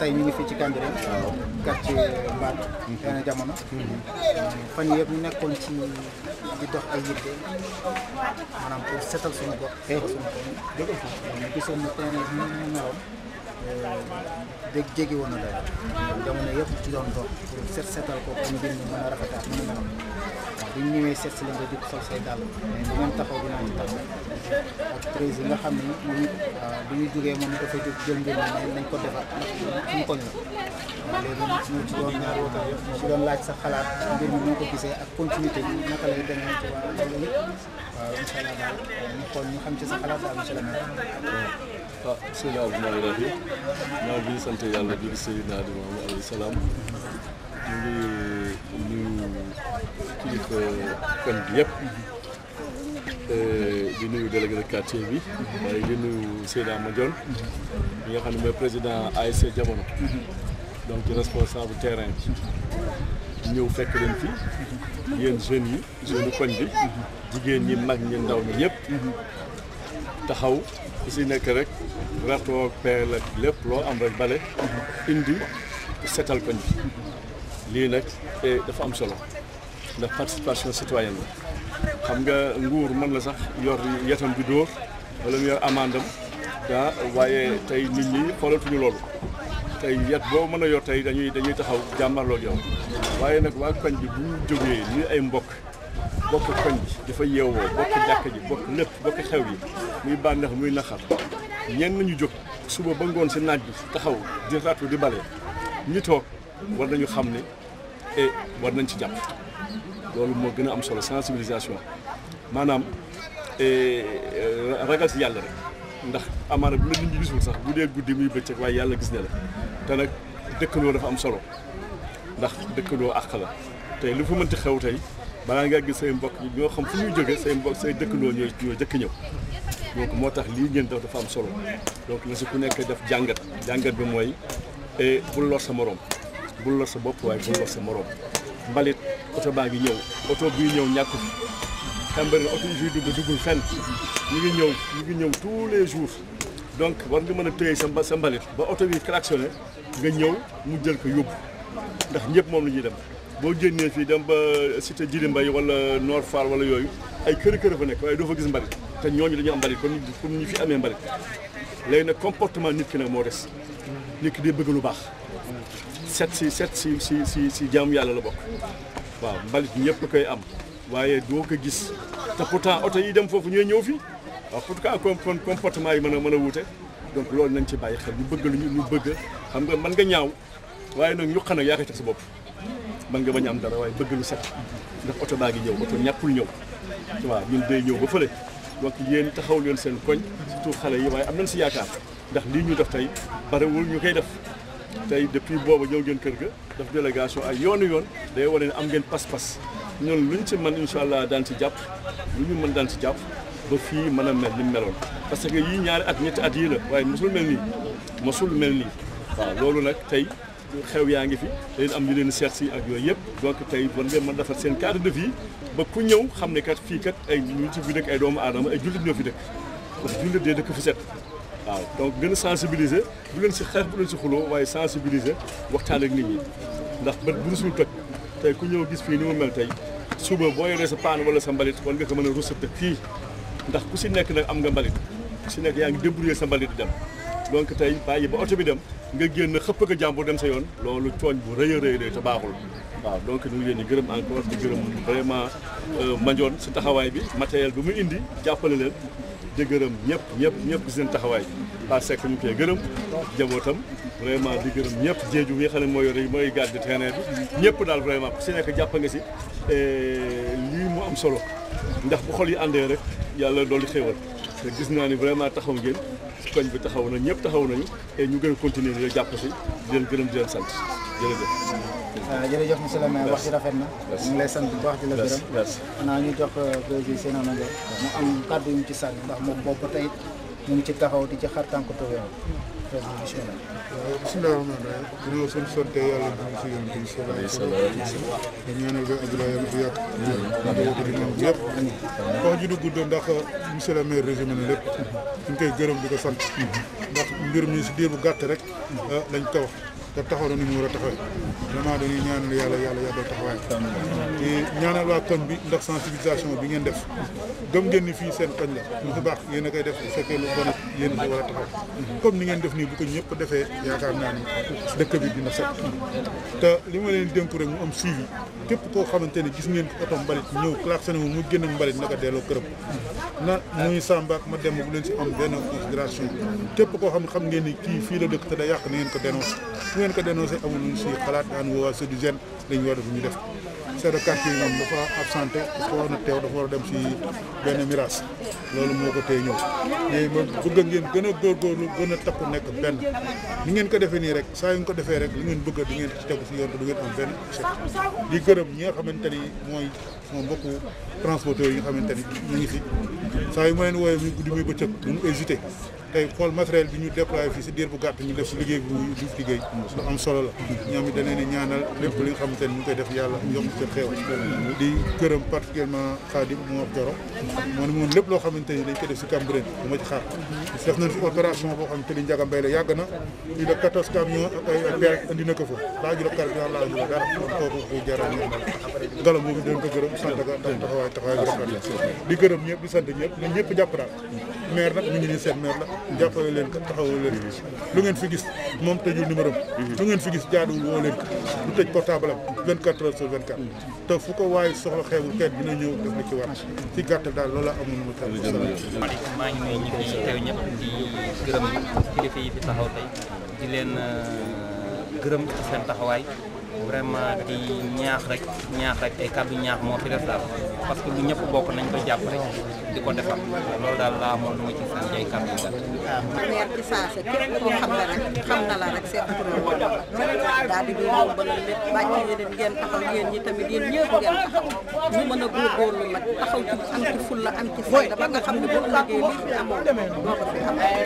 tey ñu ngi fi ci Cambérène quartier Mbacké mhm. benn jamono mhm. fan yii yëpp ñu nekkoon ci di dox ay yitte maanaam pour setal suñu gox eh. suñu commune gisoon na terrain mu meroon euh, dégg jéggi woon na daal jamono yëpp ci doon dox pour set setal ko comme mbir mi mën a rafetaat mu meroon bu ñu ñëwee set si la nga jóg sol say dàll mais bu ngeen taxaw dinaa ci taxaw ak président nga xam ne moom bu ñu jógee moom dafa jóg jëm bi moom nañ ko defar ndax suñu koñ la léegi ñu ci doon ñaar woote yëpp ñu ci doon laaj sa xalaat mbir mi ko gisee ak continuité bi naka lay demee ci waa loolu yëpp waaw incha allah daal ñu xool ñu xam ci sa xalaat daal incha allah. waaw sëñ Abdou Ndiaye rajo ñoo ngi sant yàlla di Seydina Aliou Mamadou alayhi salaam ñu ngi nuyu kilifa koñ bi yëpp. Eh, di nuyu délégué de quartier bi waaye di nuyu Seyda Madione bi nga xam ne mooy président ASC Jamono donc responsable terrain bi ñëw fekk leen fi yéen jeunes yi jeunes koñ bi jigéen ñi mag ñi ndaw ñi ñëpp taxaw ku si nekk rek râteau peel ak lépp loo am rek bale indi setal koñ bi lii nag eh, dafa am solo ndax participation citoyenne la xam nga nguur mën la sax yor yetam bi dóor wala mu yor amandam ah, waaye tey nit ñi xoolatuñu loolu tey yet boo mën a yor tey dañuy dañuy taxaw jàmmarloo yow waaye nag waa koñ bi bu ñu jógee ni ay mbokk bokk koñ bi dafa yeewoo bokk jàkk ji bokk lépp bokk xew yi muy bànneex muy naqar ñenn ñu jóg suba ba ngoon si naaj bi taxaw di ratu di bale ñi toog war nañu xam ne e eh, war nañ ci jàpp loolu moo gën a am solo sensibilisation maanaam eh, ragal si yàlla rek ndax amaana bu la nit ñi sax bu dee guddi muy bëccëg waaye yàlla gis ne la te nag dëkkandoo dafa am solo ndax dëkkandoo àq la tey lu fa mënti xew tey balaa ngaa gis say mbokk yi ñoo xam fu ñuy jógee say mbokk say dëkkandoo ñooy ñoo jëkk ñëw donc moo tax lii ngeen def dafa am solo donc na si ku nekk def jàngat jàngat bi mooy eh, bul lor sa moroom bul lor sa bopp waaye bul lor sa morom mbalit oto baa ngi ñëw oto bii ñëw ñàkku bi Cambérène oto yi fiy dugg duggul fenn ñu ñëw ñu ngi ñëw tous les jours donc war nga mën a téye sa sa mbalit ba oto bi klaxonné nga ñëw mu jël ko yóbbu ndax ñëpp moom la ñuy dem boo génnee fii dem ba cité Djily Mbaye wala Nord Foire wala yooyu ay kër kër fa nekk waaye doo fa gis mbalit te ñooñu dañoo am mbalit comme comme ñu fi amee mbalit léegi nag comportement nit ki nag moo des nit ki day bëgg lu baax set si set si si si si jaamu yàlla la bokk waaw mbalit ñëpp koy am waaye doo ko gis te pourtant oto yi dem foofu ñooy ñëw fii waaw pour que comportement yi mën a mën a wute donc loolu nañ ci bàyyi xel ñu bëgg lu ñu bëgg xam nga mën nga ñaaw waaye nag ñu xanaa yaa koy teg sa bopp mën nga bañ am dara waaye bëgg nu set ndax oto baa ngi ñëw oto ñàkkul ñëw waaw ñun day ñëw ba fële donc yéen taxaw leen seen koñ surtout xale yi waaye am nañ si yaakaar ndax lii ñu def tey barewul ñu koy def tey depuis booba ñëw ngeen kër ga def délégation ay yoonu yoon day wane ne am ngeen pas-pas ñun luñ ci mën incha allah daan ci jàpp lu ñu mën daan ci jàpp ba fii mën a mel ni meloon parce que yii ñaari at ñetti at yii la waaye mosul mel nii mosul mel nii waaw loolu nag tey xew yaa ngi fi dañu am ñu leen seet si ak yooyu yëpp donc tey war ngeen man defar seen cadre de vie ba ku ñëw xam ne kat fii kat ay ñu ci fi dëkk ay doomu aadama ay jullit ñoo fi dëkk parce que jullit dee dëkk fi set waaw donc gën a sensibiliser bu leen si xeex bu leen si xuloo waaye sensibiliser waxtaan ak nit ñi ndax bët bu rusul toj tey ku ñëw gis fii ni mu mel tey suba boo yoree sa paan wala sa mbalit war nga ko mën a rusat fii ndax ku si nekk nag am nga mbalit ku si nekk yaa ngi débrouiller sa mbalit dem donc tey bàyyi ba oto bi dem nga génn xëpp ko jàmbur dem sa yoon loolu cooñ bu rëy a rëy te baaxul waaw donc ñu ngi leen di gërëm encore di gërëm vraiment euh, Mandione si taxawaay bi matériel bi mu indi jàppale leen di gërëm ñëpp ñëpp ñëpp gis nañ taxawaay Pa Seck ñu koy gërëm jabootam vraiment di gërëm ñëpp jeeju bi nga xam ne mooy yore mooy garde terrain bi ñëpp daal vraiment ku si nekk jàpp nga si eh, lii mu am solo ndax bu xol yi àndee rek yàlla doolu xéewal te gis naa ni vraiment taxaw ngeen koñ bi taxaw na ñëpp taxaw nañu et ñu gën a continuer di jàpp si di leen gërëm di leen sant jërëjëf. waaw euh, jërëjëf monsieur le maire wax ji rafet na. ñu ngi lay sant bu baax di la gërëm. xanaa ñu jox euh, président Seynaba Ndiaye mu am kàddu yu mu ci sànni ndax moom boobu ba tey ñu ngi ci taxaw di ci xar tànk bismillah rahmaan rahim dina la suñ sante yàlla dina si yoon bi da ñaanal ga du gudd ndax monsieur le maire résumé na lépp ñu koy gërëm di ko sant ndax mbir mi si diir bu gàtt rek lañ ko te taxaw na ni mu war a taxawee vraiment dañuy ñaanal yàlla yàlla yàggal taxawaay te ñaanal waa koñ bi ndax sensibilisation bi ngeen def gëm ngeen ni fii seen koñ la lu fi baax yéen a koy def bu fekkee lu bon yéen a si war a taxaw comme ni ngeen def nii bu ko ñëpp defee yaakaar naa ni dëkk bi dina set te li ma leen dénku rek mu am suivi képp koo xamante ni gis ngeen ko oto mbalit ñëw klaxonné mu génn mbalit naka delloo këram na muy Samba ak ma dem bu leen si am benn considération képp koo xam xam ngeen ni kii fii la dëkk te da yàq na ngeen ko dénoncé su ngeen ko dénoncé amul lu ñu si xalaat daan woowaa c'est du dañu war def ñu def chef de quartier yi moom dafa absenté parce que war dafa war a dem si benn mirage loolu moo ko tee ñëw mais ma bëgg ngeen gën a góorgóorlu gën a takku nekk benn ni ngeen ko defee nii rek saa yu nga ko defee rek li ngeen bëgg di ngeen ci tegu si yoon du ngeen am benn échec gërëm ñi nga xamante ni mooy moom mbokku transporteurs yi nga xamante ni ñu ngi fi saa yu ma leen wooyee muy guddi muy bëccëg duñu hésité tey xool matériel bi ñu déployé fii si diir bu gàtt ñu def si liggéey bu ñu liggéey lu am solo la ñoom it dañ leen ñaanal lépp li nga xamante ni ñu ngi koy def yàlla yokk seen ak Joro ne ni dañ koy def si Cambérène bu ma boo xam te li njaga mbay la yàgg na plus ko ko gërëm sant ga tax taxawaay taxawaay nag mi ngi nii seen maire la jàppale leen kat taxawoo leen lu ngeen fi gis moom tëjul numéro mhm. lu ngeen fi gis jaaduwul woo leen kat du tëj portable am 24 heures sur 24 te fu ko waaye soxla xeebul kenn dina ñëw def na ci war ci gàttal daal loola amul mu te maaleykum maa ngi nuyu ñi fi teew ñëpp di gërëm kilifa yi fi taxaw tey di leen euh, gërëm ci seen taxawaay vraiment di ñaax rek ñaax rek ay kàddu ñaax moo fi def daal parce que lu ñëpp bokk nañ ko jàpp rek di ko defar loolu daal laa amoon lu ma ci saase képp koo xam la rek xam na la rek seen kuréel daal di ñi tamit yéen ñëpp ngeen mën a góorgóorlu nag taxaw ci am ci fulla am ci fayda ba nga xam ne bu ëllëgee lii fi amoon ko fi am.